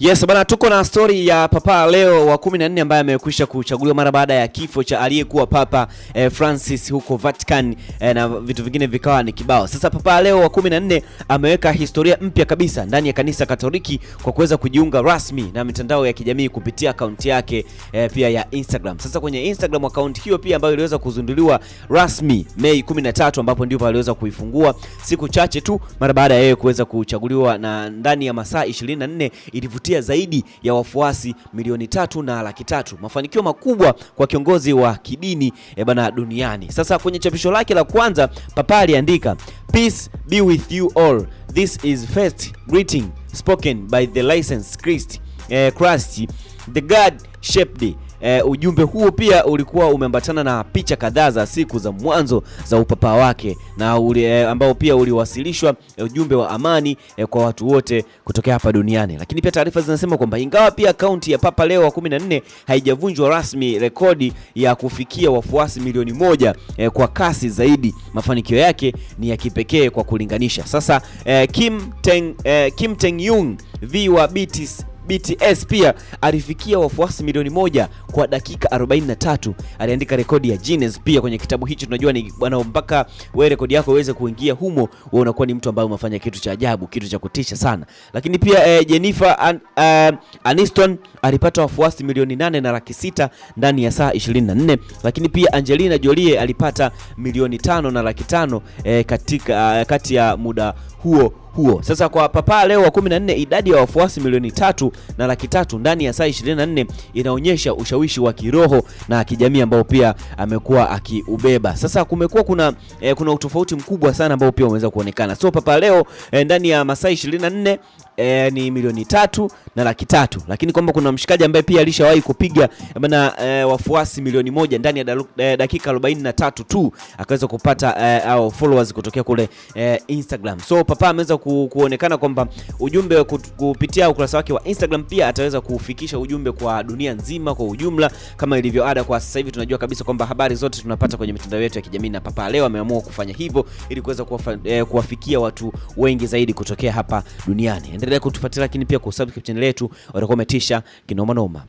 Yes bana, tuko na stori ya Papa Leo wa 14 ambaye amekwisha kuchaguliwa mara baada ya kifo cha aliyekuwa Papa eh, Francis huko Vatican eh, na vitu vingine vikawa ni kibao. Sasa Papa Leo wa 14 ameweka historia mpya kabisa ndani ya kanisa Katoliki kwa kuweza kujiunga rasmi na mitandao ya kijamii kupitia akaunti yake eh, pia ya Instagram. Sasa kwenye Instagram akaunti hiyo pia ambayo iliweza kuzinduliwa rasmi Mei 13 ambapo ndipo aliweza kuifungua siku chache tu mara baada ya yeye kuweza kuchaguliwa na ndani ya masaa 24 ilivutia kuvutia zaidi ya wafuasi milioni tatu na laki tatu, mafanikio makubwa kwa kiongozi wa kidini e bana duniani. Sasa kwenye chapisho lake la kwanza Papa aliandika Peace be with you all. This is first greeting spoken by the licensed Christ, eh, Christ the God shaped E, ujumbe huo pia ulikuwa umeambatana na picha kadhaa za siku za mwanzo za upapa wake na uli, e, ambao pia uliwasilishwa e, ujumbe wa amani e, kwa watu wote kutokea hapa duniani. Lakini pia taarifa zinasema kwamba ingawa pia akaunti ya Papa Leo wa 14 haijavunjwa rasmi rekodi ya kufikia wafuasi milioni moja e, kwa kasi zaidi, mafanikio yake ni ya kipekee kwa kulinganisha. Sasa e, Kim Teng, e, Kim Teng Yung V wa BTS BTS pia alifikia wafuasi milioni moja kwa dakika 43. Aliandika rekodi ya Guinness pia kwenye kitabu hicho. Tunajua ni bwana, mpaka wewe rekodi yako iweze kuingia humo, wewe unakuwa ni mtu ambaye umefanya kitu cha ajabu, kitu cha kutisha sana. Lakini pia eh, Jennifer an, uh, Aniston alipata wafuasi milioni nane na laki sita ndani ya saa 24, lakini pia Angelina Jolie alipata milioni tano na laki tano eh, katika uh, kati ya muda huo huo. Sasa kwa Papaa Leo wa 14 idadi ya wafuasi milioni tatu na laki tatu ndani ya saa 24 inaonyesha ushawishi wa kiroho na kijamii ambao pia amekuwa akiubeba. Sasa kumekuwa kuna eh, kuna utofauti mkubwa sana ambao pia umeweza kuonekana. So Papaa Leo eh, ndani ya masaa 24 e, ni milioni tatu na laki tatu, lakini kwamba kuna mshikaji ambaye pia alishawahi kupiga bana e, eh, wafuasi milioni moja ndani ya e, dakika 43 tu akaweza kupata e, au followers kutokea kule e, Instagram. So Papa ameweza ku, kuonekana kwamba ujumbe kupitia ukurasa wake wa Instagram pia ataweza kufikisha ujumbe kwa dunia nzima kwa ujumla, kama ilivyo ada kwa sasa hivi. Tunajua kabisa kwamba habari zote tunapata kwenye mitandao yetu ya kijamii, na Papa leo ameamua kufanya hivyo ili kuweza kuwafikia watu wengi zaidi kutokea hapa duniani endelea kutufuatilia, lakini pia kusubscribe channel yetu, utakuwa umetisha kinoma noma.